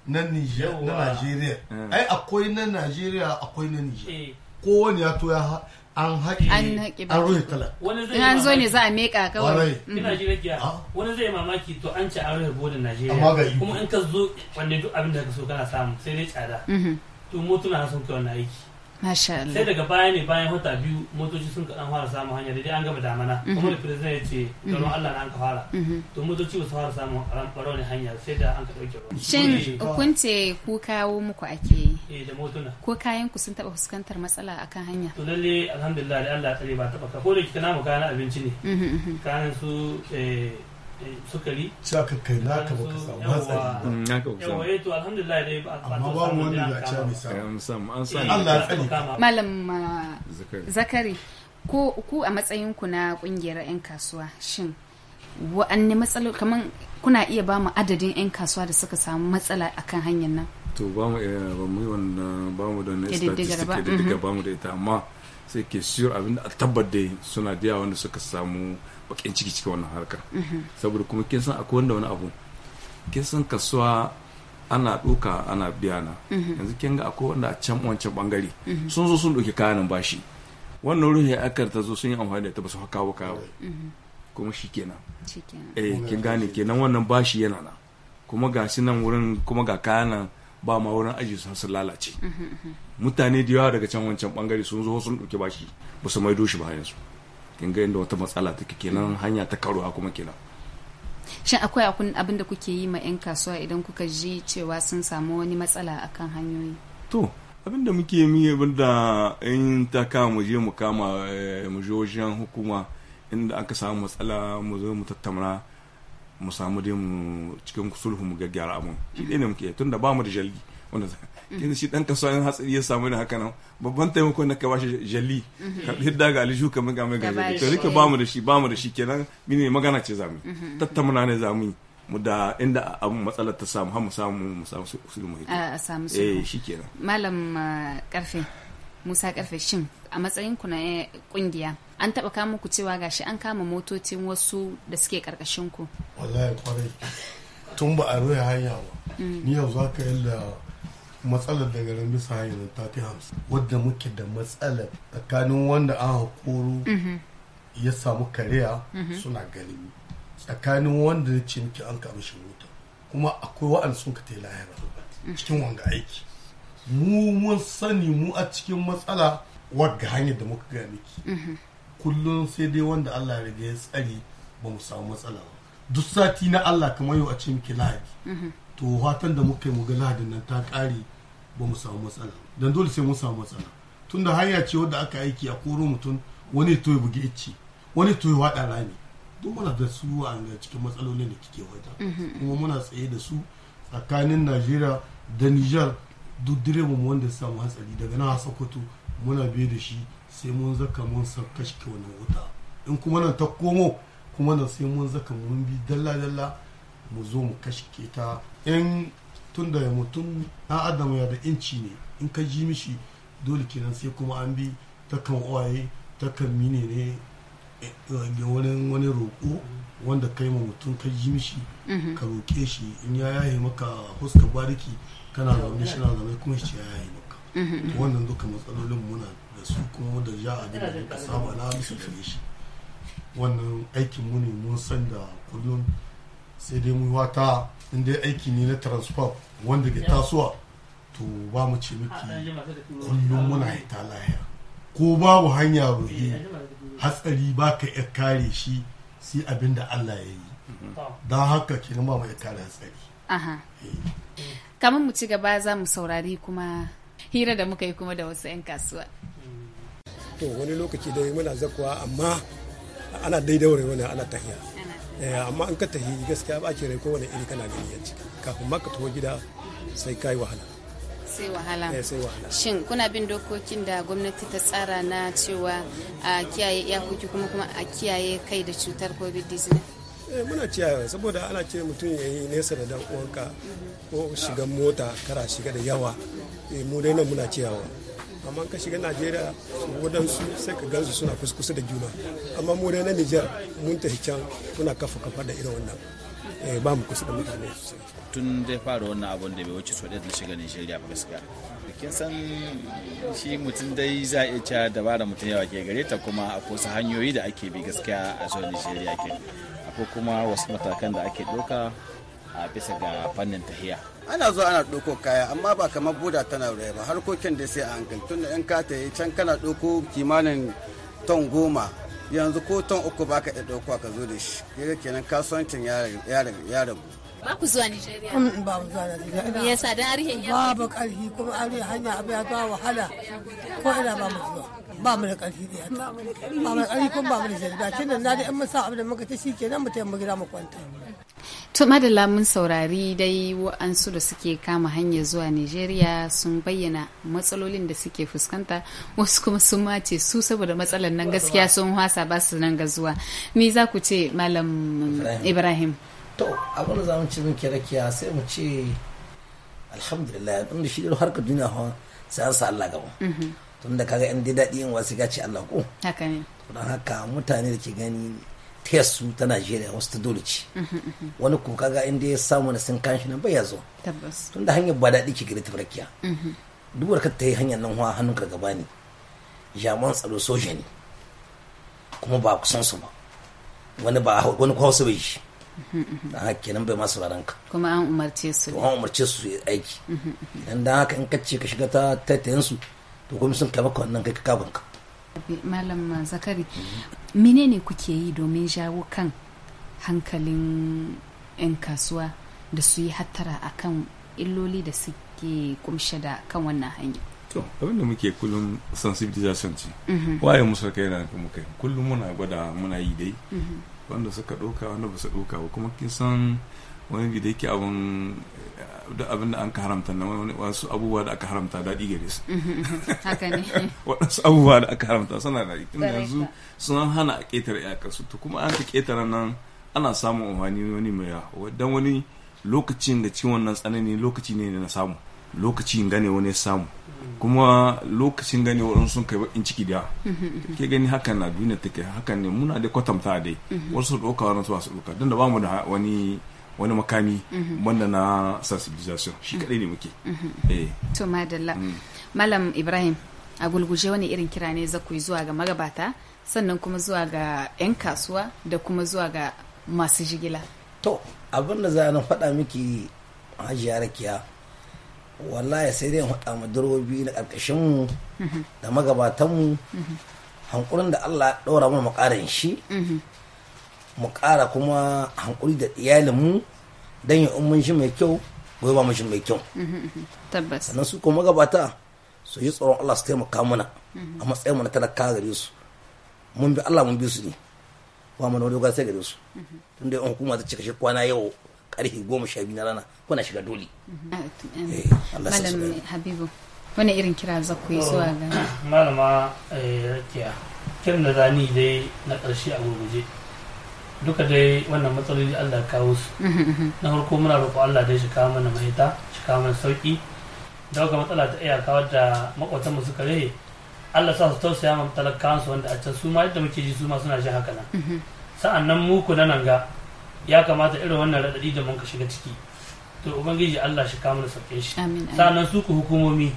na Nigeria ai akwai na Nigeria akwai na Nigeria kowane ya to ya an haƙi an haƙi an an zo ne za a meka kawai mm. ah. wani zai mamaki to an ci an rufe bodin Najeriya kuma in ka zo wanda duk abin da ka so kana samu sai dai tsada mhm. to mutuna sun kai wannan aiki Masha Sai daga baya ne bayan wata biyu motoci sun kaɗan fara samun hanya daidai an gama damana. Mhm. Kuma da firizan ya ce don mhm. Allah na an ka fara. Mhm. To motoci ba su fara samun ramfaro ne hanya sai da an ka ɗauke ba. Shin hukunce ku kawo muku ake yi? Eh da motuna. Ko kayan ku sun taɓa fuskantar matsala a kan hanya? To lalle alhamdulillah da Allah ya tsare ba taɓa ka ko da kika namu kayan abinci ne. Kayan su eh, Eh, sukari sai amma ba mu eh, an samu an zakari ko ku a matsayin ku na kungiyar yan kasuwa shin wa'anne kuna iya ba adadin yan kasuwa da suka samu matsala akan hanyar nan to ba mu eh, ba mu wannan mm-hmm. da ita amma sai ke sure abinda a tabbar dai suna da yawa wanda samu bakin ciki cikin wannan harkar mhm. saboda kuma kin san akwai wanda wani abu kin san kasuwa ana ɗuka ana biya na mhm. yanzu kin ga akwai wanda a can wancan bangare mhm. sun zo sun doke kayan bashi wannan ruhi akar ta zo sun yi amfani da ta ba su kawo kawo kuma shi kenan eh kin gane kenan wannan bashi yana na. kuma ga shi nan wurin kuma ga kayan ba ma wurin aji su sun lalace mutane da yawa daga can wancan bangare sun zo sun doke bashi ba su maido shi ba yanzu kin ga inda wata matsala take kenan hanya ta karuwa kuma kenan shin akwai abin da kuke yi ma 'yan kasuwa idan kuka ji cewa sun samu wani matsala akan hanyoyi to abin da muke yi abin da in ta kama mu je mu kama eh, mu je wajen hukuma inda aka samu matsala mu zo mu tattamra mu samu dai mu cikin sulhu mu gaggyara abun shi ne muke tunda ba mu da jalgi wanda kin shi dan kasuwa yan hatsari ya samu da haka nan babban taimako na ka bashi jali ka hidda ga alishu ka muga mai gari to ba bamu da shi bamu da shi kenan mine magana ce zamu mhm. tattauna ne zamu mu da inda abun matsalar ta samu mu samu mu samu su mu a samu eh, kenan malam uh, karfe Musa karfe shin a matsayin ku na kungiya eh, an taba kama ku cewa gashi an kama motocin wasu da suke karkashin ku wallahi kwarai tun ba a ruwa hanya ba mm. ni yanzu haka yalla matsalar daga garin bisa yanzu ta fi wadda muke da matsalar tsakanin wanda an hakoro mhm. ya samu kariya mhm. suna gani tsakanin wanda ya ce miki an kama shi mota kuma akwai wa'anda sun ka ta lahira mhm. cikin wanga aiki mu mun sani mu a cikin matsala wadda hanyar da muka gani. miki kullum sai dai wanda Allah ya ya tsare ba mu samu matsala ba duk sati na Allah kamar yau a ce miki lahadi to fatan da muka yi mu ga lahadin nan ta ƙare ba mu samu matsala don dole sai mun samu matsala tunda hanya ce wadda aka aiki a koro mutum wani to ya bugi icci wani to ya wada rami duk muna da su a cikin matsalolin da kike wata mm-hmm, mm-hmm. kuma muna tsaye da su tsakanin najeriya da niger duk mu wanda ya samu hatsari daga nan sokoto muna biye da shi sai mun zaka mun san kashe wannan wuta in kuma nan ta komo kuma nan sai mun zaka mun bi dalla dalla mu zo mu kashe ta in tun da mutum ɗan adam ya da inci ne in ka ji mishi dole kenan sai kuma an bi ta kan oye ta kan mine eh, eh, ne wani roƙo wanda kai ma mutum ka ji mishi mm-hmm. ka roƙe shi in ya yaye maka fuska bariki kana zaune shi na zaune kuma shi ya yaye maka mm-hmm. wannan duka matsalolin muna da su kuma da ja abin da ka samu na bisa gare shi wannan aikin mu ne mun san da kullum sai dai mu wata in dai aiki ne na transfer wanda ke tasowa to ba mu ce miki kullum muna ah. ta lahiya ko babu hanya ruhi eh, hatsari ba ka ya kare shi sai abin da Allah ya yi mm-hmm. don haka ke ba mu kare hatsari eh. kamar mu ci gaba za mu saurari kuma hira da muka yi kuma da wasu 'yan kasuwa mm. to wani lokaci dai muna zakuwa amma ana daidai wani ana Eh, amma an ka tafi gaskiya ba ake rai kowane iri kana gani yanci kafin ma ka tafi gida sai ka wahala eh, sai wahala shin kuna bin dokokin da gwamnati ta tsara na cewa a kiyaye iyakoki kuma kuma a kiyaye kai da cutar covid-19 eh, muna ciyawa saboda ana ce mutum ya yi nesa da dan uwanka ko shigan mota kara shiga da yawa mu dai nan muna ciyawa amma ka shiga najeriya wadansu sai ka gansu suna kuskusa da juna amma mu na nijar mun tafi can muna kafa kafa da irin wannan eh, ba mu kusa da mutane sosai tun dai fara wannan abun da bai wuce so da shiga nigeria ba gaskiya kin san shi mutum dai za a iya dabara mutum yawa ke gare ta kuma a kusa hanyoyi da ake bi gaskiya a zuwa nigeria ke akwai kuma wasu matakan da ake ɗauka a bisa ga fannin tahiya ana zuwa ana ɗauko kaya amma ba kamar buda tana raye ba harkokin da sai a hankali tun da 'yan kata yi can kana ɗauko kimanin ton goma yanzu ko ton uku baka iya ɗauko ka zo da shi kira kenan kasuwancin ya ragu ba ku zuwa Nigeria mm, ba mu zuwa Nigeria Ina yasa dan arihin ya babu karfi kuma arihin hanya abu ya ba wahala ko ina ba mu zuwa ba mu da karfi da ba mu da karfi kuma ba mu da jari da kenan na da in mun sa abu da muka ta shi kenan mu ta mu gida mu kwanta To madalla mun saurari dai wa'ansu da suke kama hanya zuwa Nigeria sun bayyana matsalolin da suke fuskanta wasu kuma sun mace su saboda matsalar nan gaskiya sun hasa ba su nan ga zuwa. Me za ku ce Malam Ibrahim? To abin da za mu ci mun kira kiya sai mu ce alhamdulillah abin da shi da harkar duniya hawa sai an sa Allah gaba. Mhm. Tun da kaga yan dai daɗi yin wasu gaci Allah ko. Haka ne. Don haka mutane da ke gani test su ta Najeriya wasu ta dole ce wani ko kaga inda ya samu na sun kanshi nan bai ya zo tunda hanyar ba daɗi ke gari farkiya. duk ka ta yi hanyar nan hawa hannun ka gaba ne jaman tsaro soja ne kuma ba kusan su ba wani ba wani kwasu bai shi dan haka kenan bai masu raran ka kuma an umarce su an umarce su su aiki idan dan haka in ka ce ka shiga ta tattayin su to kuma sun kai wannan kai ka kabanka malam zakari menene kuke yi domin jawo kan hankalin 'yan kasuwa da su yi hattara kan illoli da suke kumshe da kan wannan hanya to abin da muke kullum sensibilization ce mhm. waye musu kai na kuma kai kullum muna gwada muna yi dai mhm. wanda suka ɗauka wanda ba su ɗauka ba kuma kin san wani da yake abin duk abin da an ka haramta na wasu abubuwa da aka haramta daɗi gare su haka ne waɗansu abubuwa da aka haramta suna daɗi tunda yanzu sun hana a ƙetare iyakar su to kuma an ka ƙetare nan ana samun umarni wani mai yawa dan wani lokacin da ciwon nan tsanani lokaci ne na samu lokacin gane wani samu kuma lokacin gane waɗansu sun kai baƙin ciki da ke gani hakan na duniya take hakan ne muna da kwatanta dai wasu su ɗauka wani su ɗauka don da mu da wani wani makami mhm. wanda na sensibilisation shi kadai ne muke mhm. Mhm. Eh. to madalla mm. malam ibrahim a gulguje wani irin kira ne za ku yi zuwa ga magabata sannan kuma zuwa ga 'yan kasuwa da kuma zuwa ga masu jigila to abin da za a faɗa miki hajiya rakiya wallahi sai dai faɗa mu durobi na mu da magabatan mu hankurin da allah ya ɗora mana makarin shi mu ƙara kuma hankuri da iyalinmu don yi mun shi mai kyau yi ba mashi mai kyau tabbas sannan su kuma gabata su yi tsoron Allah su taimaka mana a matsayin mana tana talaka gare su mun bi Allah mun bi su ne ba mu dogon sai gare su mhm. tun da hukuma ta cika shi kwana yau karfe goma sha biyu na rana kuna shiga dole mhm. eh, malam habibu wani irin kira za ku yi oh, zuwa ga malama eh, rakiya kiran da zani dai na ƙarshe a gurguje duka dai wannan matsaloli Allah ya kawo su mm-hmm. na farko muna roƙo Allah dai shi kawo mana mahita shi kawo mana sauki da matsala ta iyaka wadda mu suka kare. Allah sa su tausaya ma talakawan su wanda a can su ma yadda muke ji su ma suna shi haka nan mm-hmm. sa'an nan mu na nan ga ya kamata irin wannan raɗaɗi da mun ka shiga ciki to ubangiji Allah shi kawo mana sauke shi sa'an su ku hukumomi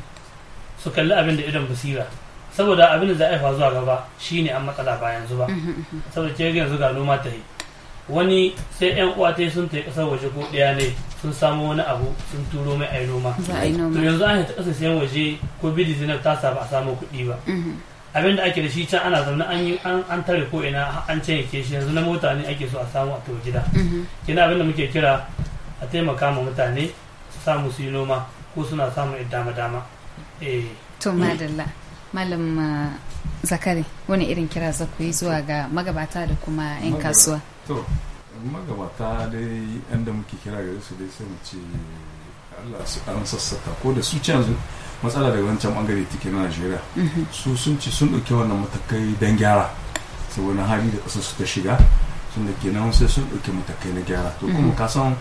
su kalli abin da idan basira saboda abin da za a yi zuwa gaba shine an matsala ba yanzu ba mm-hmm, saboda ke yanzu ga noma ta yi wani sai yan uwa sun ta kasar waje ko ɗaya ne sun samu wani abu sun turo mai ai noma to yanzu an ta kasa sayan waje ko bidi zinab ta sa ba a samu kuɗi ba mhm. abin da ake da shi can ana zaune an yi an tare ko ina an canye shi yanzu na mota ne ake so a samu a tawo gida mhm. kina abin da muke kira a taimaka ma mutane su samu su yi noma ko suna samun dama dama eh. to madalla malam ah, zakari wani irin kira za zuwa ga magabata da kuma 'yan kasuwa to magabata dai yan da muke kira gare su dai sai mu ce Allah su an sassata ko da su ci yanzu matsala daga wancan bangare take na Najeriya mm-hmm. su sun ci sun dauke wannan matakai dan gyara saboda hali da kasar su ta shiga sun da kenan sai sun dauke matakai na gyara to kuma mm-hmm. ka san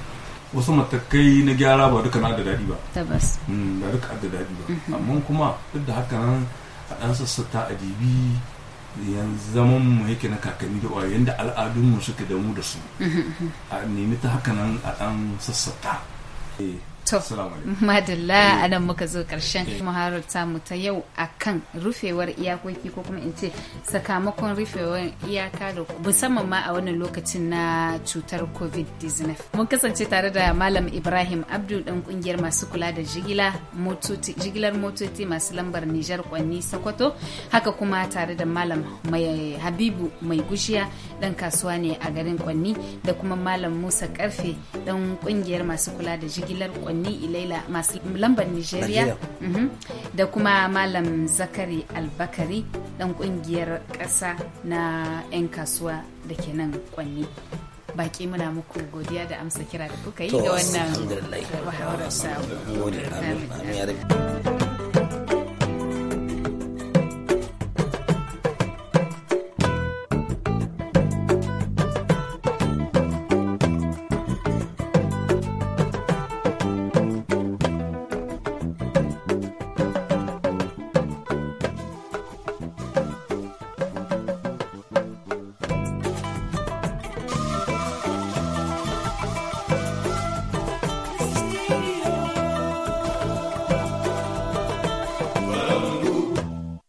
wasu matakai na gyara ba duka na da daɗi ba tabbas mm, ba duka da daɗi ba mm-hmm. amma kuma duk da haka nan a dan sassata a yanzu zaman mu yake na kakanni da ƙwayoyin da al'adunmu suka damu da su mm-hmm, mm-hmm. a nemi ta hakanan a ɗan sassata eh. to madalla eh. a nan muka zo karshen eh. muharar mu ta yau akan rufewar iyakoki ko kuma in ce sakamakon rufewar iyaka da musamman ma a wannan lokacin na cutar covid-19 mun kasance tare da malam ibrahim abdul dan kungiyar masu kula da jigila motoci jigilar motoci masu lambar nijar kwanni sokoto haka kuma tare da malam habibu mai gushiya dan kasuwa ne a garin kwanni da kuma malam musa karfe dan kungiyar masu kula da jigilar kwanni ni ilaila masu lambar nigeria mhm. da kuma malam zakari albakari dan kungiyar ƙasa na 'yan kasuwa da ke nan kwanni baki muna muku godiya da amsa kira da kuka yi da wannan wahalar